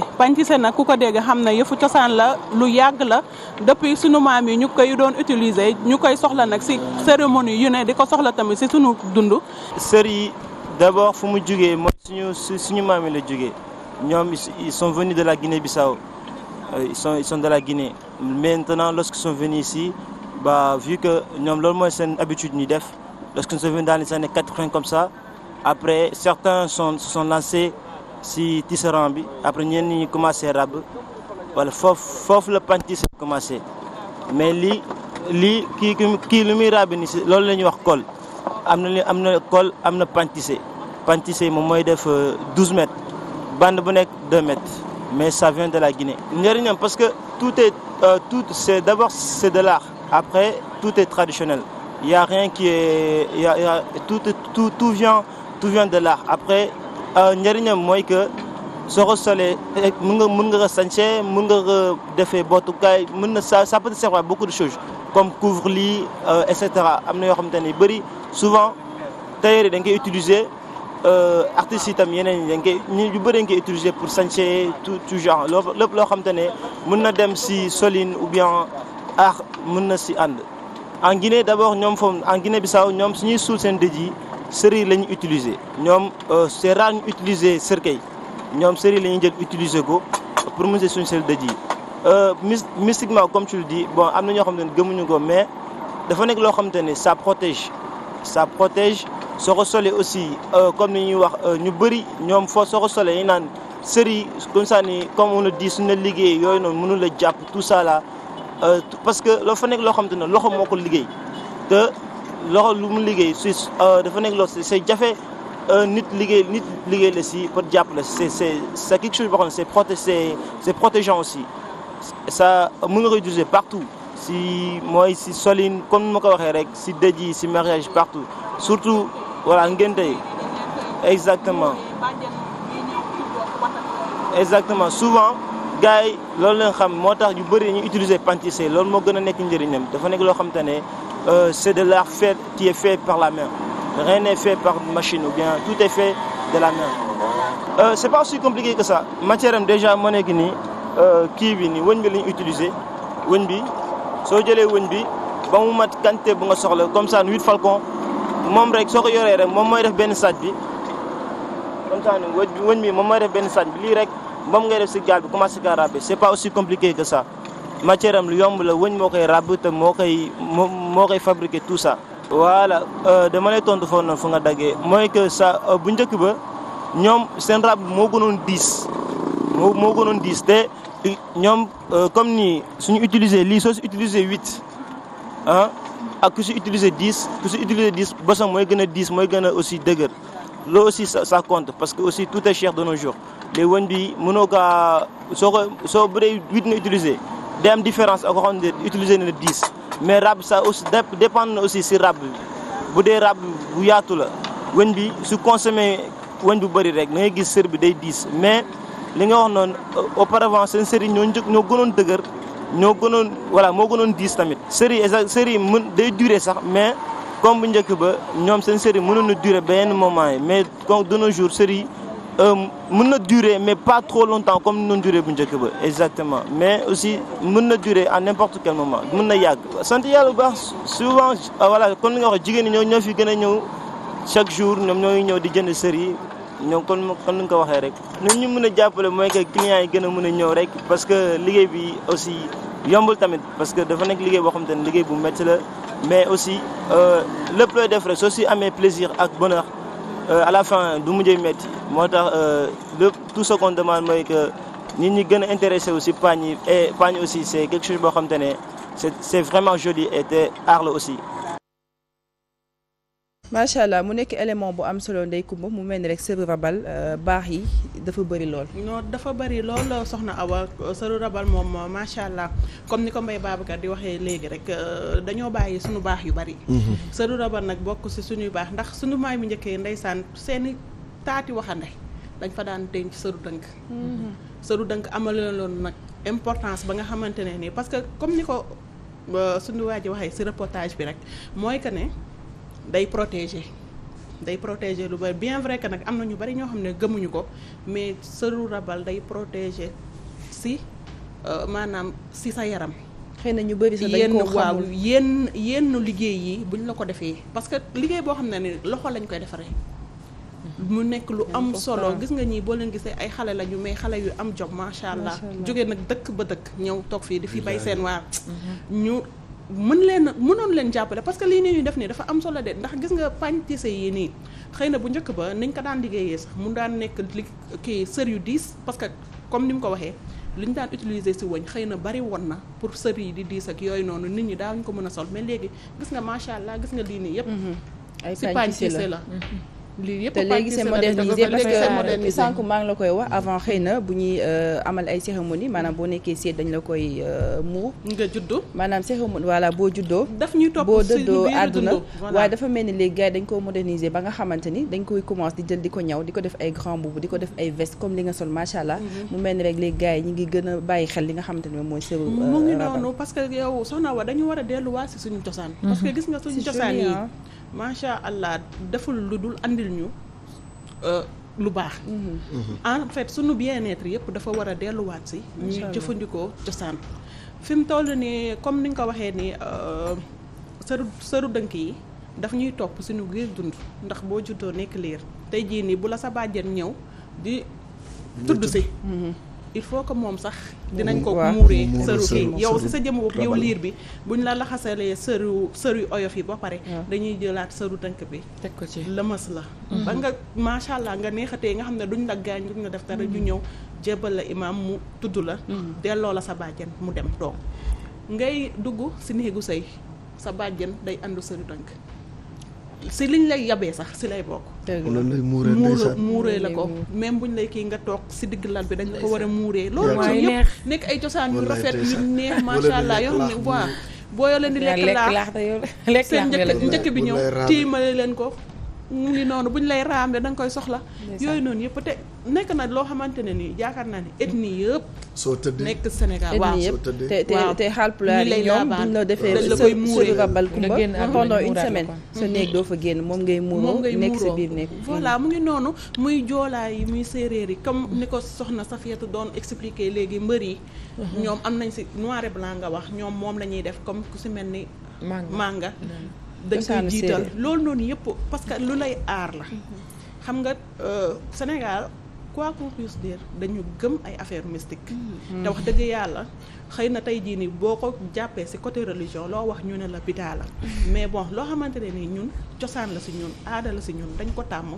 pàncissé pàncissé nag ku ko dégg xam na yëfu cosaan la lu yàgg la depuis sunu maam yi ñu koy doon utiliser ñu koy soxla nag si cérémonie yu ne di ko soxla tamit si sunu dund. sër yi d'abord fu mu jugee mooy suñu suñu maam yi la jugee ñoom ils sont venus de la Guinée-Bissau euh, ils sont ils de la Guinée maintenant lorsqu'ils sont venus ici bah vu que ñoom loolu mooy seen habitude ñuy def lorsqu'ils sont venus dans les années 80 comme ça après certains sont sont lancés. si tisserand bi après ñenn ñi commencé ràbb wala foofu foofu la panc ci commencé mais li lii kii kii lu muy ràbbi ni si loolu la ñuy wax kol am na li am na col am na pantissé pantissé moom mooy def 12 euh, mètres bande bu nekk 2 mais sa vient de la Guinée. njëriñam parce que tout est euh, tout de l'art après tout est traditionnel y a rien qui est y a y tout tout tout de l'art après. Euh, njëriñam mooy que soo ko solee eh, mun nga mun nga ko mun nga ko defee bootukaay mun na ça ça peut servir beaucoup de choses comme couvre-lit euh, et cetera am na yoo xamante ne bëri souvent tailleur yi dañ koy utiliser euh, artistes yi tam yeneen yi dañ koy ñu bëri dañ koy utiliser pour sañse tout tout genre lépp loo xamante ne mun na dem si soline ou bien art mun na si ànd. en Guinée d'abord ñoom foofu en Guinée Bissau ñoom suñuy suul seen dëj yi série la ñu utiliser ñoom euh, c'est rare ñu utiliser cercueil ñoom série la ñuy jël utiliser ko pour muser suñu sel dëj yi mystiquement comme tu le dis bon am na ñoo xam ne gëmuñu ko mais dafa nekk loo xam te ne ça protège ça soo ko solee aussi euh, comme ni ñuy wax euh, ñu bëri ñoom foo soo ko solee ñu naan série comme ça ni comme on le dit suñu la liggéey yooyu noonu mënul la jàpp tout ça là parce que loo fa nekk loo xam te ne loxo moo ko liggéey loxo lu mu liggéey si euh, dafa nekk loo jafe euh, nit liggéey nit liggéey la si pour jàppale c'est c'est c'est quelque chose boo xam ne c'est proté c'est protégeant aussi ça mën nga ko utiliser partout si mooy si solin comme ma ko waxee rek si dëj yi si mariage partout surtout voilà ngénte yi exactement exactement souvent gars yi loolu lañ xam moo tax ju bëri ñu utiliser pâtissé loolu moo gën a nekk njëriñam dafa nekk loo xam te ne euh, c'est de la fait, qui est fait par la main. Rien n'est fait par machine ou bien tout est de la main. Euh, c'est pas aussi compliqué que ça. matière am déjà moo nekk nii euh, kii bi nii wëñ bi lañ utiliser wëñ bi soo jëlee wëñ bi ba mu mat quantité bu nga soxla comme ça huit falcon moom rek soo ko yoree rek moom mooy def benn saaj bi comme ça wëñ bi mooy def benn saaj bi lii a moom ngay def si gaal a commencé kaa ràbbe c'est pas aussi compliqué que ça. matière am lu yomb la wëñ moo koy ràbb te moo koy moo koy fabriquer tout ça. voilà euh, dama lay tontu foofu noonu fu nga daggee mooy que sa euh, bu njëkk ba ñoom seen ràbb moo gënoon diis moo moo gënoon diis te ñoom euh, comme nii suñu utiliser lii soo si utiliser huit ah ku si utiliser dix ku si utiliser dix bosom mooy gën a diis mooy gën a aussi dëgër loolu aussi ça ça compte parce que aussi tout est cher de nos jours les wëñ bi mënoo kaa soo ko soo bëree huit nga utiliser. day am différence ak koo xam ne utiliser na dix mais rab ça aussi dépendre na aussi si rab bi bu dee rab bu yaatu la wëñ bi su consommé wëñ bu bëri rek da ngay gis sër bi day diis mais li nga wax noonu auparavant seen sër ñoo njëkk ñoo gënoon dëgër ñoo gënoon voilà moo gënoon diis tamit. sër yi sër yi mën day dure sax mais comme bu njëkk ba ñoom seen sër yi mënoon na durer benn moment yi mais de nos jours sër yi Euh, mën na dure mais pas trop longtemps comme ni doon bu njëkk ba exactement mais aussi mën na durer à n'importe quel moment mun na yàgg. sant yàlla bu baax souvent ah, voilà comme ni nga wax jigéen ñi ñoo ñoo fi gën a ñëw chaque jour ñoom ñooy ñëw di jënd sër yi ñoom kon kon ni nga ko waxee rek. ñun ñu mën a jàppale mooy que clients yi gën a mën a ñëw rek parce que liggéey bi aussi yombul tamit parce que dafa nekk liggéey boo ne liggéey bu métti la mais aussi euh, lépp looy def rek soo si amee plaisir ak bonheur. Euh, à la fin du mujjee metti moo tax euh, lépp tout ce qu'on demande mooy que nit ñi gën a intéressé aussi paañ yi et paañ aussi c'est quelque chose boo xam te ne c'est c'est vraiment joli et te aar la aussi macha allah mu nekk élément bu am solo Ndeye Comba mu mel ni rek sëru rabal euh, baax yi dafa bëri lool. noo dafa bëri lool soxna Awa sëru rabal moom macha allah comme ni ko Mbaye Babacar di waxee léegi rek euh, dañoo bàyyi suñu baax yu bëri. Mhm. sëru rabal nag bokk si suñuy baax ndax suñu maay mi njëkkee ndeysaan seeni taati waxande dañ fa daan denc sëru dënk. Mhm. sëru dënk amaloon nag importance ba nga xamante ne nii parce que comme ni ko euh, suñu waa ji waxee si reportage bi rek mooy que ne. day protéger day protéger lu bari bien vrai que nag am na ñu bari ñoo xam ne gëmuñu ko mais sëru rabal day protéger si euh, maanaam si sa yaram. xëy na ñu bari sa dañ koo xamul yenn waaw yenn yenn liggéey yi buñ la ko defee parce que liggéey boo xam ne ni loxo lañ koy defaree. mu nekk lu am solo gis nga ñii boo leen gisee ay xale lañu mais xale yu am job macha allah. jóge nag dëkk ba dëkk ñëw toog fii di fi bay seen waar. Mhm. ñu mën leen mënoon leen jàppale parce que lii nii ñu def nii dafa am solo de ndax gis nga pagne tissé yi nii xëy na bu njëkk ba nañ ko daan liggéeyee sax mu daan nekk li kii sër yu diis parce que comme ni mu ko waxee li ñu daan utiliser si woñ xëy na bari woon na pour sër yi di diis ak yooyu noonu nit ñi ñu ko mën a sol mais léegi gis nga macha allah gis nga lii nii yëpp. Mhm. ay pagne tissé la mhm. lii yëpp te léegi c'est modernisé parce que la koy wax avant xëy na bu ñuy euh, amal ay cérémonie maanaam boo nekkee seet dañ la koy euh, muur. nga juddu maanaam cérémonie voilà boo juddoo. daf ñuy topp boo dëddoo àdduna waaye dafa mel ni léegi gars yi dañ koo moderniser ba nga xamante ni dañ koy commencé di jël di ko ñaw di ko def ay grand boubou di ko def ay veste comme li nga sol macha allah. Mhm. mu mel ni rek léegi gars yi ngi gën a bàyyi xel li nga xamante ni moom mooy. seeru rabal mu euh, ngi noonu parce que yow a indil ñu euh, lu baax. Mm-hmm. en fait suñu bien-être yëpp dafa war a delluwaat si. ñuy jëfandikoo cosaan. fi mu toll nii comme ni nga ko waxee ni euh, sëru sëru dënk yi daf ñuy topp suñu giir dund ndax boo juddoo nekk liir tey jii nii bu la sa bàjjen ñëw di. tudd si. Mm-hmm. il faut que moom sax dinañ ko muuree sëru kii yow si sa jëm bopp yow liir bi buñ la laxasalee sëru sëru oyof yi ba pare dañuy jëlaat sëru tënk bi teg ko ci lëmas la mm-hmm. ba nga macha allah nga neexatee nga xam ne duñ la gaañ duñ nga def dara ñu mm-hmm. ñëw jébbal la imaam mu tudd la mm-hmm. delloo la sa bàjjen mu dem toog ngay dugg si néegu sëy sa bàjjan day andu sëru tënk si liñ lay yabee sax si lay bokk. muur muuree la ko même buñ lay kii nga toog si digg lal bi dañ la ko war a muuree loolu ci yëpp nekk ay cosaan yu rafet yu neex macha allah yoo xam ne waa boo yoo leen di lekk laax seen njëkk bi ñëw tiimale leen ko mu ngi noonu bu ñu lay raamle da nga koy soxla. yooyu noonu yëpp te nekk na loo xamante ne nii yaakaar naa ni ethnie yëpp. soo tëddee nekk Sénégal waaw soo tëddee te te te xaalpulaar yi ñoom buñ la defee la koy muuree sëriñ Babal Kumba pendant une semaine. sa néeg doo génn moom ngay muuroo nekk sa biir nekk. voilà mu ngi noonu muy joolaa yi muy séeréer yi comme ni ko soxna Safiatou doon expliqué léegi mbër yi. Mhm. ñoom am nañ si noir et blanc nga wax ñoom moom la ñuy def comme ku si mel ni. manga manga. Mhm. dañ koy jiital loolu noonu yëpp parce que lu lay aar la mm-hmm. xam nga euh, Sénégal quoi qu'on puisse dañu gëm ay affaire mystique mm. mm. te wax dëgg yàlla xëy na tey jii nii boo ko jàppee ci côté religion loo wax ñu ne la bidaa la mm. mais bon loo xamante ne nii ñun cosaan la ci ñun aada si ñun dañ ko tàmm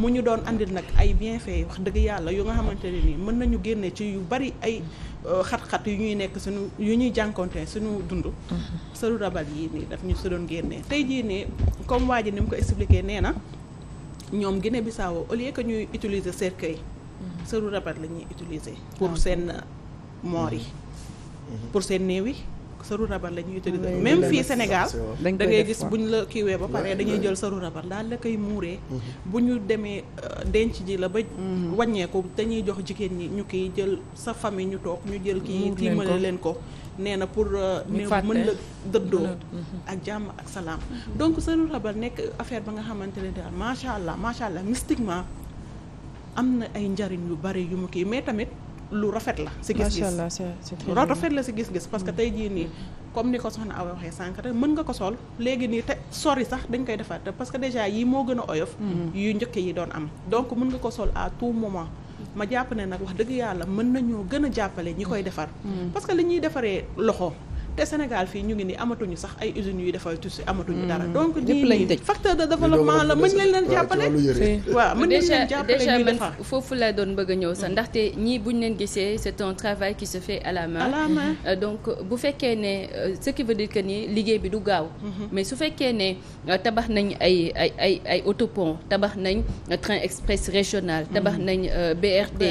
mu ñu doon andil nag ay bien bienfait wax dëgg yàlla yu nga xamante ne nii mën nañu génne ci yu bari ay euh, xat-xat yu ñuy nekk suñu yu ñuy jànkoonte suñu dund mm-hmm. sëru rabal yii nii daf ñu si doon génnee tey jii nii comme waa ji ni mu ko expliqué nee na ñoom Guinée Bissau au lieu que ñuy utiliser cercueil Mm-hmm. sëru rabat la ñuy utiliser ah, pour seen euh, moor yi mm-hmm. pour seen néew yi sëru rabat la ñuy ah, utiliser même fii Sénégal da ngay gis bu la kiiwee ba pare dañuy jël sëru rabar daal la koy muuree mm-hmm. bu ñu demee euh, denc ji la ba wàññeeku dañuy jox jigéen ñi ñu kiy jël sa fami ñu toog ñu jël kii tiimale leen ko nee na pour euh, néew mën la dëddoo ak jàmm ak salaam donc sëru rabat nekk affaire ba nga xamante ne daal macha allah macha allah mystiquement am na ay njariñ yu bari yu mu kii mais tamit lu rafet la si gis-gis lu rafet la si gis-gis parce que mm. tey jii nii comme ni ko soxna Awa waxee sànq rek mën nga ko sol léegi nii te sori sax dañ koy defaat parce que déjà yi moo gën a oyof mm. yu njëkk yi doon am donc mën nga ko sol à tout moment ma jàpp ne nag wax dëgg yàlla mën nañoo gën a jàppale ñi koy mm. defar parce que li ñuy defaree loxo te Sénégal fii ñu ngi nii amatuñu sax ay usines yuy defal tissu amatuñu mm. dara. donc nii facteur de développement la mën nañ leen jàppale. waaw mën nañ foofu laa doon bëgg ñëw sax mm. ndaxte ñii buñ leen gisee c'est un travail qui se fait à euh, donc bu fekkee ne euh, ce qui veut ni liggéey bi du gaaw. Mm-hmm. mais su fekkee ne euh, tabax nañ ay ay ay ay autopont tabax nañ train express régional. Mm-hmm. tabax nañ BRT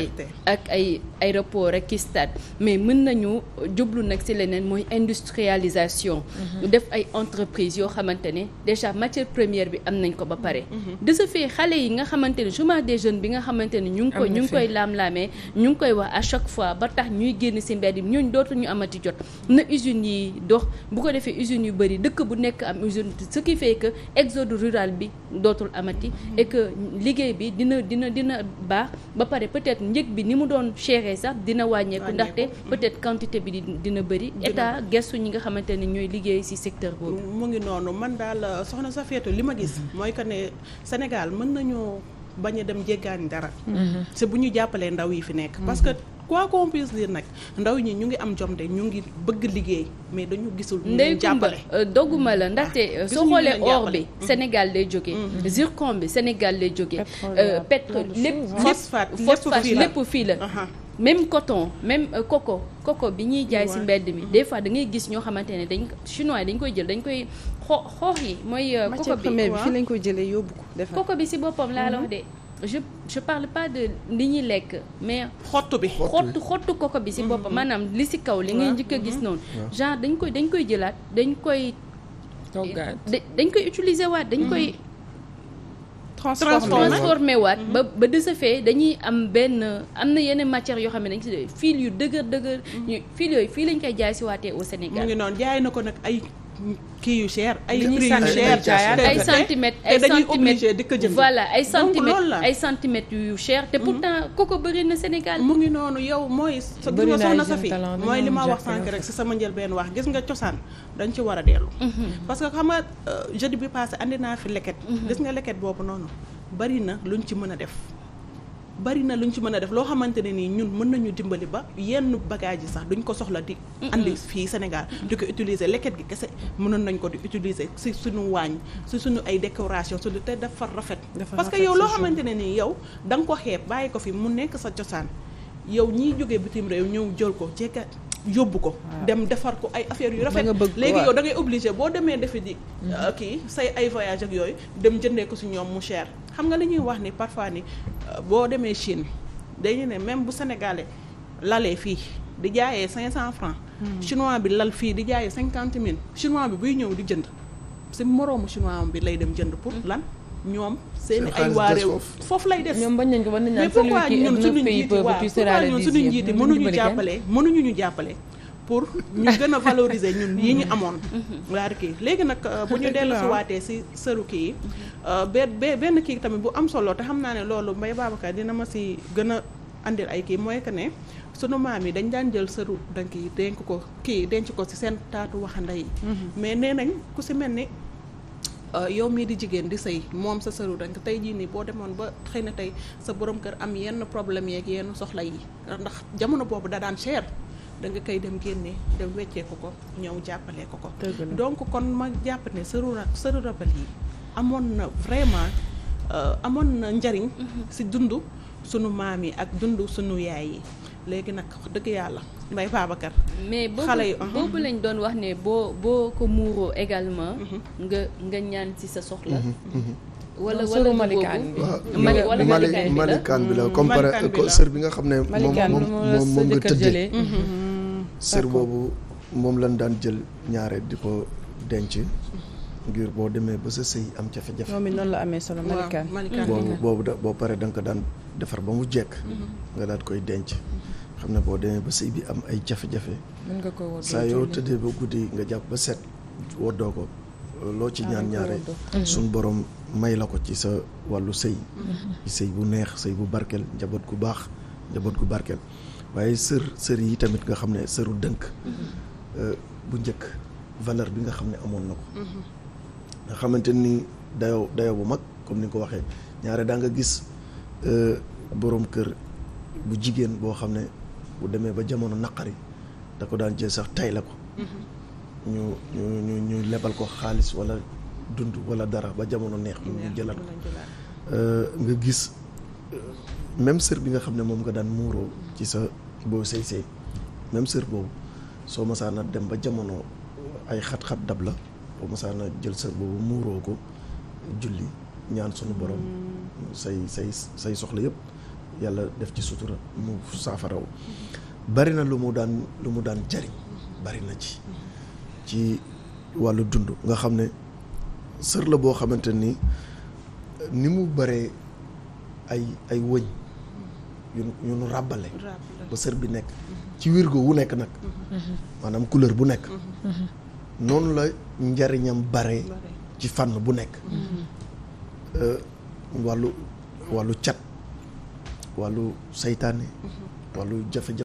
ak ay aéroport ak stade mais mën nañu jublu nag ci leneen mooy industrie industrialisation. Mhm. ñu def ay entreprises yoo xamante ne déjà matière première bi am nañ ko ba pare. Mhm. de ce fait xale yi nga xamante ne chômage des jeunes bi nga xamante ne ñu ngi koy ñu ngi laam-laamee ñu ngi koy wax à chaque fois ba tax ñuy génn si mbedd yi ñooñu dootuñu amati jot na usines yi dox bu ko defee usines yu bëri dëkk bu nekk am usine ce qui fait que exode rural bi dootul amati mhm. et que liggéey bi dina dina dina baax ba pare peut-être bi ni mu doon chéré sax dina wàññeeku ndaxte peut su ñi nga xamante ne ñooy liggéey ci secteur boobu. mu ngi noonu man daal euh, soxna Safiatou li ma gis. Mhm. mooy que ne Sénégal mën nañoo bañ a dem jéggaani dara. c'est mhm. bu ñu jàppalee ndaw yi fi nekk. parce que mhm. quoi qu'on puisse nag ndaw ñi ñu ngi am jom de ñu ngi bëgg liggéey mais dañu gisul. ñu jàppale ndey euh, dogguma la ndaxte ah, euh, soo xoolee or bi Sénégal lay jógee. zircon bi Sénégal lay jógee. pétrole lépp phosphate lépp fii la. même coton même euh, coco bi ñuy jaay si mbedd mi des fois da ngay gis ñoo xamante ne dañ chinois yi dañ koy jël dañ koy xo xoox yi mooy euh, coco bi fii lañ koy jëlee yóbbu ko defar coco bi si boppam laa la de mhm. je je parle pas de li ñuy lekk mais xottu bi xottu xottu coco bi si mhm. boppam maanaam li si kaw li ngay njëkk a gis mhm. noonu genre dañ koy dañ koy jëlaat dañ koy dañ koy utiliser waat dañ koy transformé waat ba ba de ce fait dañuy am benn am na yeneen matière yoo xam ne dañ si fil yu dëgër dëgër mm-hmm. ñu yooyu fii lañ koy jaay si waatee au Sénégal mu ngi noonu jaay na ko nag ay kii yu cher ay prix yu cher ay centimètres ay centimètres voilà ay centimètres ay centimètres yu cher te hmm. pourtant koko bëri na Sénégal mu ngi noonu yow mooy gis nga soxna Safi mooy li ma wax sànq rek si sama njël benn wax gis nga cosaan dañ ci war a dellu mhm. parce que xam nga euh, jeudi bi passé indi naa fi leket mhm. gis nga leket boobu noonu bari na lu ñu ci mën a def bari na luñ ci mën a def loo xamante ne nii ñun mën nañu dimbali ba yenn bagage yi sax duñ ko soxla di andi fii Sénégal di ko utiliser leket gi kese mënoon nañ ko di utiliser si suñu waañ si suñu ay décoration suñu te dafa rafet parce que yow loo xamante ne nii yow da ko xeeb bàyyi ko fi mu nekk sa cosaan yow ñiy jógee bitim réew ñëw jël ko jekka yóbbu ko dem defar ko ay affaire yu rafet léegi yow da ngay obligé boo demee defi di mm-hmm. euh, kii say ay voyage ak yooyu dem jëndee ko si ñoom mu xam nga lañuy wax ni parfois ni euh, boo demee Chine dañu ne même bu sénégalais lalee fii di jaayee 500 francs hmm. chinois bi lal fii di jaayee cinquante mille chinois bi buy ñëw di jënd si moroomu chinois bi lay dem jënd pour hmm. lan ñoom seen ay waa réew foofu lay des mais pourquoi ñun suñu njiiti waaw pourquoi ñun suñu njiiti mënuñu jàppale mënuñu ñu jàppale pour ñu gën a valoriser ñun yi ñu amoon laa mhm. di kii léegi nag euh, bu ñu dellu waatee si sëru kii yi euh, be benn kii tamit bu am solo te xam naa ne loolu mbay Babacar dina ma si gën a andil ay kii mooy que ne sunu maam yi dañ daan jël sëru dank yi denc ko kii denc ko si seen taatu waxande yi mhm. mais nee nañ ku si mel ni euh, yow mii di jigéen di sëy moom sa sëru dank tey jii nii boo demoon ba xëy na tey sa borom kër am yenn problème yeeg yenn soxla yi ndax jamono boobu da cher da nga koy dem génne de wecceeku ko ñëw jàppale ko ko donc kon ma jàpp ne sëru sëru rabal yi amoon na vraiment euh, amoon na njariñ mhm. si dund sunu maam yi ak dund sunu yaay yi léegi nag dëgg yàlla mbay Babacar ba xale yi uh-huh. boobu lañ doon wax ne boo boo ko muuroo également mhm. nga nga ñaan ci sa soxla mhm. wala wala malikaan bi ah, wala malikaan bi la mm. comme par sër bi nga xam ne moom moom moom nga tëddee sër boobu moom lañ daan jël ñaare di ko denc ngir boo demee ba sa sëy am jafe-jafe moom la amee solo malikaan boobu boobu boo paree da nga ko daan defar ba mu jekk nga daal koy denc xam ne boo demee ba sëy bi am ay jafe-jafe saa yoo tëddee ba guddi nga jàpp ba set woddoo ko loo ci ah, ñaan ñaare mhm. suñ boroom may la ko ci sa wàllu sëy mhm. sëy bu neex sëy bu barkeel njaboot gu baax njaboot gu barkeel waaye sër sër yi tamit nga xam ne sëru dënk mhm. euh, bu njëkk valeur bi nga xam ne amoon na ko mhm. nga xamante ni dayo dayo bu mag comme ni nga ko waxee ñaare daa nga gis euh, boroom kër bu jigéen boo xam ne bu demee ba jamono naqari da ko daan jël sax tay la ko mhm. ñu ñu ñu ñu lebal ko xaalis walla dund walla dara ba jamono neex ñu jëlal ko euh, nga gis même sër bi nga xam ne moom nga daan muuroo ci sa boo sey sëy même sër boobu soo masaana dem ba jamono ay xat-xat dab la boo masaana jël sër boobu muuroo ko julli ñaan sunu borom mm. say say soxla yëpp yàlla def ci sutura mu saafaraw bari na lu mu daan lu mu daan jariñ bari na ci ci wàllu dund nga xam ne sër la boo xamante ni ni mu bare ay ay wëñ yu ñu yu ràbbale ba sër bi nekk ci wirgo wu nekk nag maanaam couleur bu nekk noonu la njariñam bare ci fànn bu nekk euh, wàllu wàllu cat wàllu saytaane mhm. wàllu jafe-jafe